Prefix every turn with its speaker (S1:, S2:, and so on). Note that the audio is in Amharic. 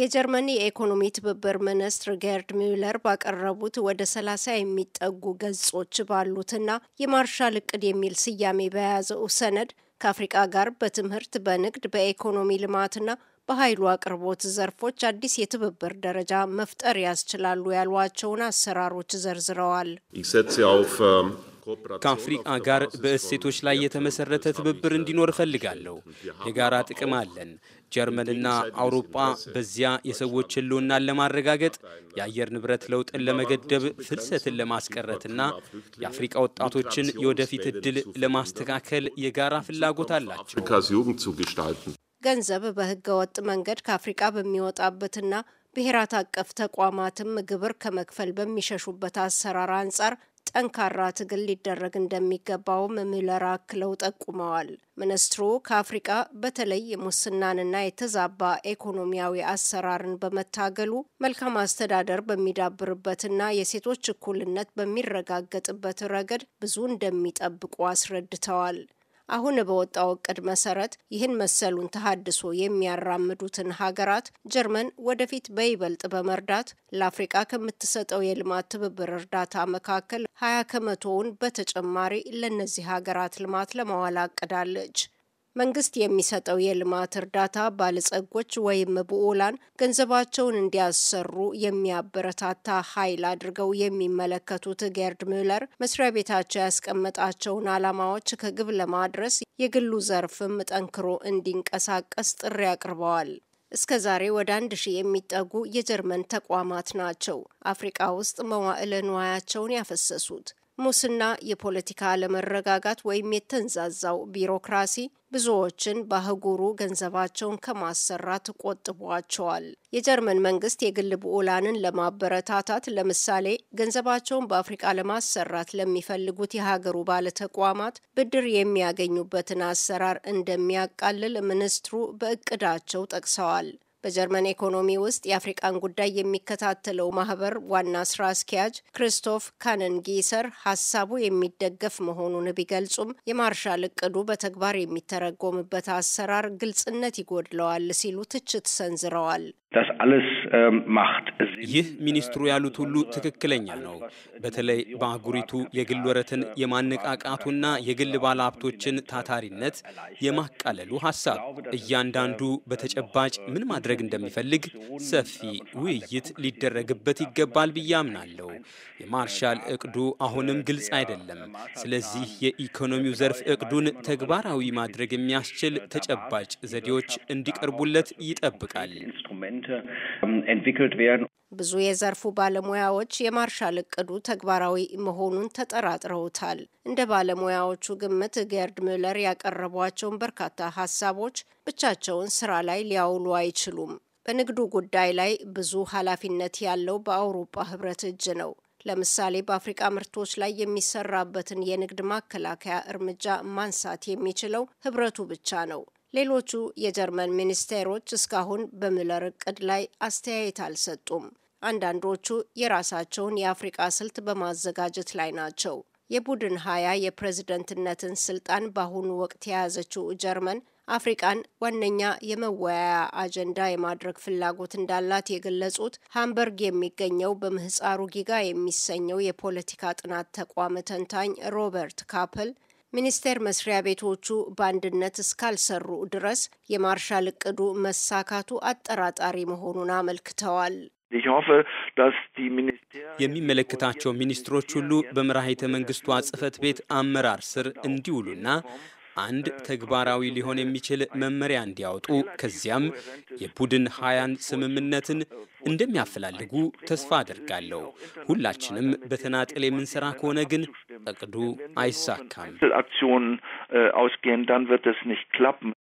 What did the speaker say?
S1: የጀርመን የኢኮኖሚ ትብብር ሚኒስትር ጌርድ ሚውለር ባቀረቡት ወደ ሰላሳ የሚጠጉ ገጾች ባሉትና የማርሻል እቅድ የሚል ስያሜ በያዘው ሰነድ ከአፍሪቃ ጋር በትምህርት፣ በንግድ፣ በኢኮኖሚ ልማትና በኃይሉ አቅርቦት ዘርፎች አዲስ የትብብር ደረጃ መፍጠር ያስችላሉ ያሏቸውን አሰራሮች ዘርዝረዋል።
S2: ከአፍሪቃ ጋር በእሴቶች ላይ የተመሰረተ ትብብር እንዲኖር እፈልጋለሁ። የጋራ ጥቅም አለን። ጀርመንና አውሮፓ በዚያ የሰዎች ህልውናን ለማረጋገጥ የአየር ንብረት ለውጥን ለመገደብ፣ ፍልሰትን ለማስቀረትና የአፍሪቃ ወጣቶችን የወደፊት እድል ለማስተካከል የጋራ ፍላጎት አላቸው።
S1: ገንዘብ በህገወጥ መንገድ ከአፍሪቃ በሚወጣበትና ብሔራት አቀፍ ተቋማትም ግብር ከመክፈል በሚሸሹበት አሰራር አንጻር ጠንካራ ትግል ሊደረግ እንደሚገባውም ሚለር አክለው ጠቁመዋል። ሚኒስትሩ ከአፍሪቃ በተለይ ሙስናንና የተዛባ ኢኮኖሚያዊ አሰራርን በመታገሉ መልካም አስተዳደር በሚዳብርበትና የሴቶች እኩልነት በሚረጋገጥበት ረገድ ብዙ እንደሚጠብቁ አስረድተዋል። አሁን በወጣው እቅድ መሰረት ይህን መሰሉን ተሃድሶ የሚያራምዱትን ሀገራት ጀርመን ወደፊት በይበልጥ በመርዳት ለአፍሪቃ ከምትሰጠው የልማት ትብብር እርዳታ መካከል ሀያ ከመቶውን በተጨማሪ ለእነዚህ ሀገራት ልማት ለማዋል አቅዳለች። መንግስት የሚሰጠው የልማት እርዳታ ባለጸጎች ወይም ብዑላን ገንዘባቸውን እንዲያሰሩ የሚያበረታታ ኃይል አድርገው የሚመለከቱት ጌርድ ሚለር መስሪያ ቤታቸው ያስቀመጣቸውን ዓላማዎች ከግብ ለማድረስ የግሉ ዘርፍም ጠንክሮ እንዲንቀሳቀስ ጥሪ አቅርበዋል። እስከ ዛሬ ወደ አንድ ሺህ የሚጠጉ የጀርመን ተቋማት ናቸው አፍሪቃ ውስጥ መዋዕለ ንዋያቸውን ያፈሰሱት። ሙስና፣ የፖለቲካ አለመረጋጋት ወይም የተንዛዛው ቢሮክራሲ ብዙዎችን በአህጉሩ ገንዘባቸውን ከማሰራት ቆጥቧቸዋል። የጀርመን መንግስት የግል ብዑላንን ለማበረታታት ለምሳሌ ገንዘባቸውን በአፍሪቃ ለማሰራት ለሚፈልጉት የሀገሩ ባለተቋማት ብድር የሚያገኙበትን አሰራር እንደሚያቃልል ሚኒስትሩ በእቅዳቸው ጠቅሰዋል። በጀርመን ኢኮኖሚ ውስጥ የአፍሪቃን ጉዳይ የሚከታተለው ማህበር ዋና ስራ አስኪያጅ ክሪስቶፍ ካነንጊሰር ሀሳቡ የሚደገፍ መሆኑን ቢገልጹም የማርሻል እቅዱ በተግባር የሚተረጎምበት አሰራር ግልጽነት ይጎድለዋል ሲሉ ትችት ሰንዝረዋል።
S2: das alles ähm, macht. ይህ ሚኒስትሩ ያሉት ሁሉ ትክክለኛ ነው። በተለይ በአህጉሪቱ የግል ወረትን የማነቃቃቱና የግል ባለሀብቶችን ታታሪነት የማቃለሉ ሀሳብ እያንዳንዱ በተጨባጭ ምን ማድረግ እንደሚፈልግ ሰፊ ውይይት ሊደረግበት ይገባል ብዬ አምናለሁ። የማርሻል እቅዱ አሁንም ግልጽ አይደለም። ስለዚህ የኢኮኖሚው ዘርፍ እቅዱን ተግባራዊ ማድረግ የሚያስችል ተጨባጭ ዘዴዎች እንዲቀርቡለት ይጠብቃል። Instrumente entwickelt werden.
S1: ብዙ የዘርፉ ባለሙያዎች የማርሻል እቅዱ ተግባራዊ መሆኑን ተጠራጥረውታል። እንደ ባለሙያዎቹ ግምት ጌርድ ሚለር ያቀረቧቸውን በርካታ ሀሳቦች ብቻቸውን ስራ ላይ ሊያውሉ አይችሉም። በንግዱ ጉዳይ ላይ ብዙ ኃላፊነት ያለው በአውሮፓ ህብረት እጅ ነው። ለምሳሌ በአፍሪቃ ምርቶች ላይ የሚሰራበትን የንግድ ማከላከያ እርምጃ ማንሳት የሚችለው ህብረቱ ብቻ ነው። ሌሎቹ የጀርመን ሚኒስቴሮች እስካሁን በምለር እቅድ ላይ አስተያየት አልሰጡም። አንዳንዶቹ የራሳቸውን የአፍሪቃ ስልት በማዘጋጀት ላይ ናቸው። የቡድን ሀያ የፕሬዝደንትነትን ስልጣን በአሁኑ ወቅት የያዘችው ጀርመን አፍሪቃን ዋነኛ የመወያያ አጀንዳ የማድረግ ፍላጎት እንዳላት የገለጹት ሃምበርግ የሚገኘው በምህፃሩ ጊጋ የሚሰኘው የፖለቲካ ጥናት ተቋም ተንታኝ ሮበርት ካፕል ሚኒስቴር መስሪያ ቤቶቹ በአንድነት እስካልሰሩ ድረስ የማርሻል እቅዱ መሳካቱ አጠራጣሪ መሆኑን አመልክተዋል።
S2: የሚመለከታቸው ሚኒስትሮች ሁሉ በመራሄተ መንግስቷ ጽህፈት ቤት አመራር ስር እንዲውሉና አንድ ተግባራዊ ሊሆን የሚችል መመሪያ እንዲያወጡ ከዚያም የቡድን ሀያን ስምምነትን እንደሚያፈላልጉ ተስፋ አድርጋለሁ። ሁላችንም በተናጠል የምንሰራ ከሆነ ግን እቅዱ አይሳካም።